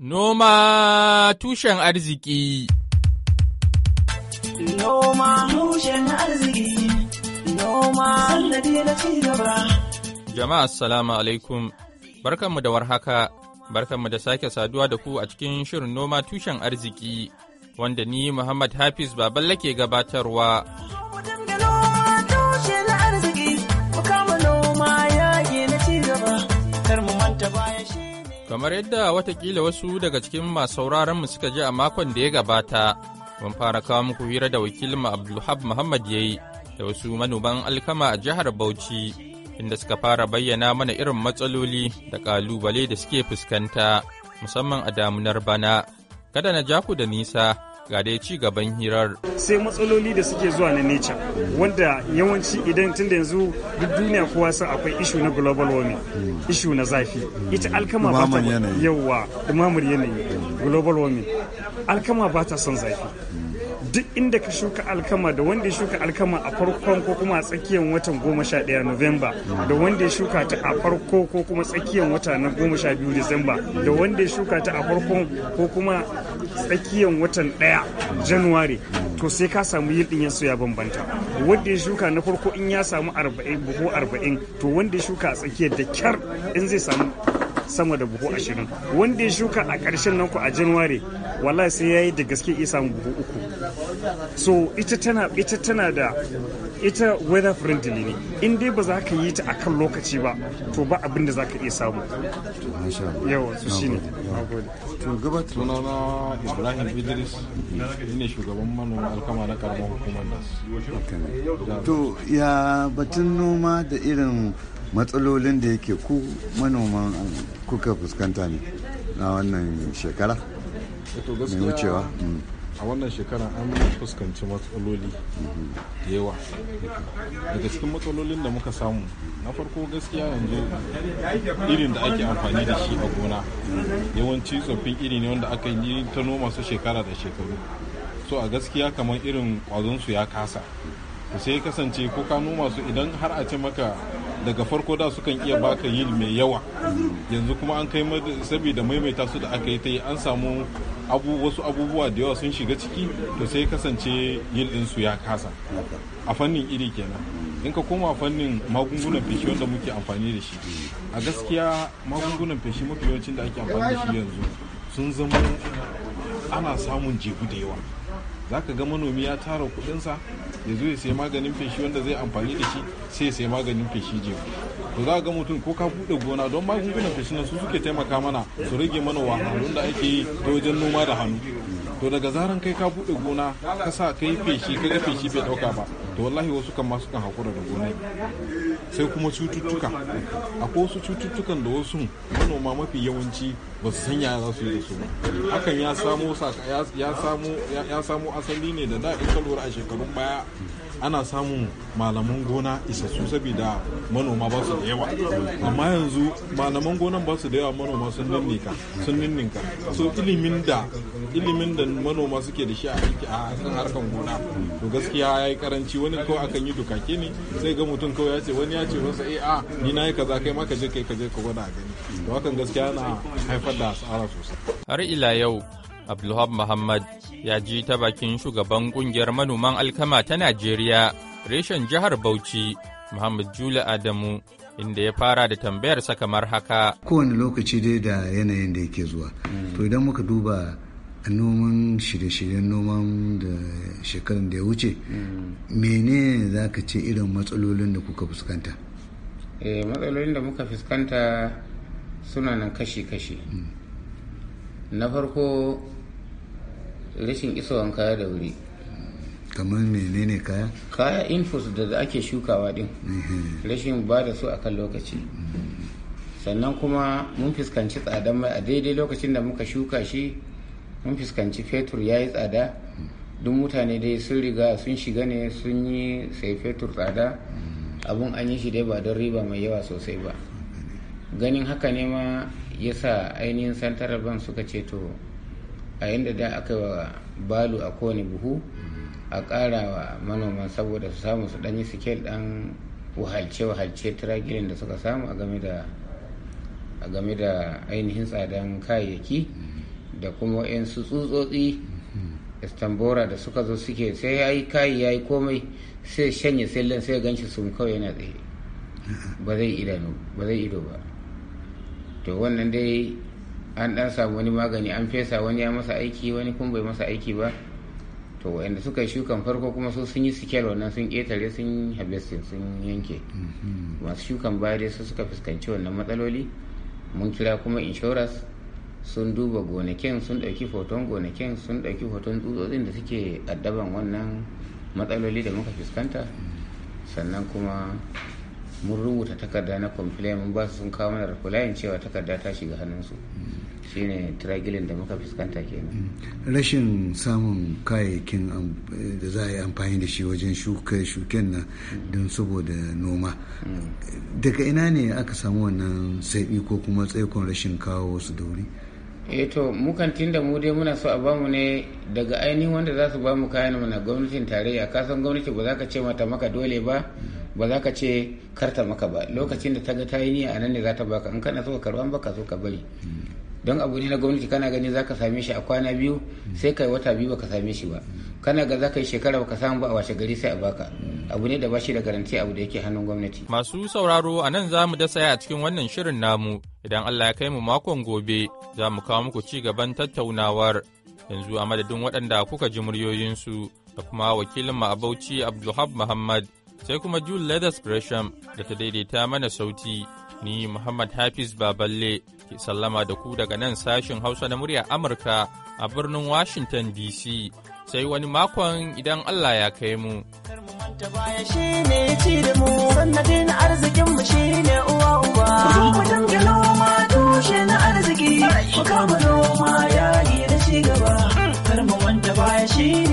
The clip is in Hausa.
Noma tushen arziki Noma tushen arziki Noma na cigaba Jama'a assalamu alaikum barkanmu da warhaka barkanmu da sake saduwa da ku a cikin shirin noma tushen arziki wanda ni Muhammad Hafiz Baballe ke gabatarwa. Kar mu manta baya shi Kamar yadda watakila wasu daga cikin masu mu suka ji a makon da ya gabata, mun fara kawo muku hira da wakilin Abdulhab Muhammad yayi, da wasu manoman alkama a jihar Bauchi, inda suka fara bayyana mana irin matsaloli da ƙalubale da suke fuskanta, musamman a damunar bana. Kada na ja ku da nisa, ga dai ci gaban hirar. Sai matsaloli da suke zuwa na nature wanda yawanci idan tun da yanzu duk duniya kowa sun akwai ishu na global warming, ishu na zafi. Ita alkama ba ta yawa, umamur yanayi, global warming. Alkama ba ta son zafi. duk inda ka shuka alkama da wanda ya shuka alkama a farkon ko kuma a tsakiyar watan goma sha ɗaya novemba da wanda ya shuka ta a farko ko kuma tsakiyar wata na goma sha biyu disamba da wanda ya shuka ta a farkon ko kuma tsakiyar watan ɗaya january to sai ka samu yildin yansu ya bambanta wanda ya shuka na farko in ya samu arba'in buhu arba'in to wanda ya shuka a tsakiyar da kyar in zai samu sama da buhu ashirin wanda ya shuka a ƙarshen nan ku a january wallahi sai ya yi da gaske iya samu buhu uku so ita tana ita tana da ita weather friendly ne in dai ba za ka yi ta akan lokaci ba to ba abin da za ka iya samu yawa su ne to gaba tuna na ibrahim idris ne shugaban manoma alkama na karamar hukumar nas to ya batun noma da irin matsalolin da yake ku manoman kuka fuskanta ne na wannan shekara mai wucewa mm. a wannan shekara an fuskanci matsaloli da yawa daga cikin matsalolin da muka samu na farko gaskiya yanzu irin da ake amfani da shi a gona yawanci tsoffin iri ne wanda aka yi ta noma su shekara da shekaru so a gaskiya kamar irin su ya kasa sai kasance ko ka noma su idan har a ce maka daga farko da sukan iya baka yil mai yawa yanzu kuma an kai saboda maimaita su da aka yi ta yi an samu abu wasu abubuwa da yawa sun shiga ciki to sai kasance yil ɗinsu ya kasa a fannin iri kenan in ka koma fannin magungunan feshi wanda muke amfani da shi a gaskiya magungunan feshi mafi yawancin da ake amfani da shi yanzu sun zama ana samun jebu da yawa za ka ga manomi ya tara kudinsa ya zo ya sai maganin feshi wanda zai amfani da shi sai ya sai maganin feshi je to za ga mutum ko ka bude gona don magungunan feshi na su suke taimaka mana su rage mana wahalun da ake yi ta wajen noma da hannu to daga zaran kai ka bude gona ka sa kai feshi ka ga feshi bai dauka ba to wallahi wasu kan masu kan hakura da gona sai kuma cututtuka akwai wasu cututtukan da wasu manoma mafi yawanci ba su sanya za su yi da su hakan ya samo asali ne da da in ka lura a shekarun baya ana samun malaman gona isassu saboda manoma ba su da yawa amma yanzu malaman gonan ba su da yawa manoma sun ninnika sun ninninka so ilimin da ilimin da manoma suke da shi a kan harkan gona to gaskiya ya yi karanci wani ko akan yi dukake ne sai ga mutum kawai ya ce wani ya ce masa eh, a ni na yi kaza kai ma ka je kai ka je ka gwada gani to hakan gaskiya na haifar da asara sosai har ila yau abdulhab muhammad ya ji ta bakin shugaban kungiyar manoman alkama ta Najeriya, reshen jihar Bauchi, Muhammad Jula Adamu, inda ya fara da tambayar sa kamar haka. Kowane lokaci dai da yanayin da yake zuwa. Hmm. To idan muka duba noman shirye-shiryen noman da shekarun da ya wuce, hmm. mene za ka ce irin matsalolin da kuka fuskanta? Eh, matsalolin da muka fuskanta suna nan kashi-kashi. Hmm. Na farko rashin isowan kaya da wuri kamar menene kaya kaya infus da ake shukawa din rashin ba da su akan lokaci sannan kuma mun fuskanci tsadan mai a daidai lokacin da muka shuka shi mun fuskanci fetur ya yi tsada duk mutane dai sun riga sun shiga ne sun yi sai fetur tsada abun an yi shi dai ba don riba mai yawa sosai ba ganin haka ne ma ya sa ainihin santarar ban suka ceto. a yadda da aka yi wa balu a kowane buhu a ƙara wa manoman saboda su samu su ɗanyi sikel ɗan wahalce-wahalce tiragirin da suka samu a game da a game da ainihin tsadan kayayyaki da kuma su tsutsotsi istambora da suka zo suke sai ya yi kayi ya yi komai sai shanye sallan sai ganshi su kawai yana tsaye ba zai ido ba to wannan dai an ɗan samu wani magani an fesa wani ya masa aiki wani kuma bai masa aiki ba to wanda suka yi shukan farko kuma su sun yi sikel wannan sun ƙetare sun harvesting sun yanke mm-hmm. masu shukan baya dai su suka fuskanci wannan matsaloli mun kira kuma inshoras sun duba gonakin sun ɗauki hoton gonakin sun ɗauki hoton tsutsotsin da suke addaban wannan matsaloli da muka fuskanta mm-hmm. sannan kuma mun rubuta takarda na complain mun ba su sun kawo mana rikulayin cewa takarda ta shiga hannunsu shine tragilin da muka fuskanta ke kenan mm. rashin samun kayayyakin da za a yi amfani da shi wajen shuka shuken na don saboda noma mm. daga ina ne aka samu wannan saiɓi ko kuma tsaikon rashin kawo su da wuri eh to mu kantin da mu dai muna so a bamu ne daga ainihin wanda za su bamu kayan mana gwamnatin tarayya kasan gwamnati ba za ka ce mata maka dole ba ba za ka ce karta maka ba lokacin da ta ga ta yi niyya a nan ne za ta baka in kana so ka ba ka so ka bari don abu ne na gwamnati kana gani za ka same shi a kwana biyu sai kai wata biyu baka same shi ba kana ga za ka yi shekara baka samu ba a washe gari sai a baka abu ne da bashi da garanti abu da yake hannun gwamnati masu sauraro a nan za mu dasa a cikin wannan shirin namu idan Allah ya kai mu makon gobe za mu kawo muku ci gaban tattaunawar yanzu a madadin waɗanda kuka ji muryoyinsu da kuma wakilin mu a Bauchi Abdulhab Muhammad sai kuma june Leathers Gresham da ta daidaita mana sauti. Ni Muhammad Hafiz Baballe ke sallama da ku daga nan sashin Hausa na murya Amurka a birnin Washington DC. Sai wani makon idan Allah ya kai mu. shi ne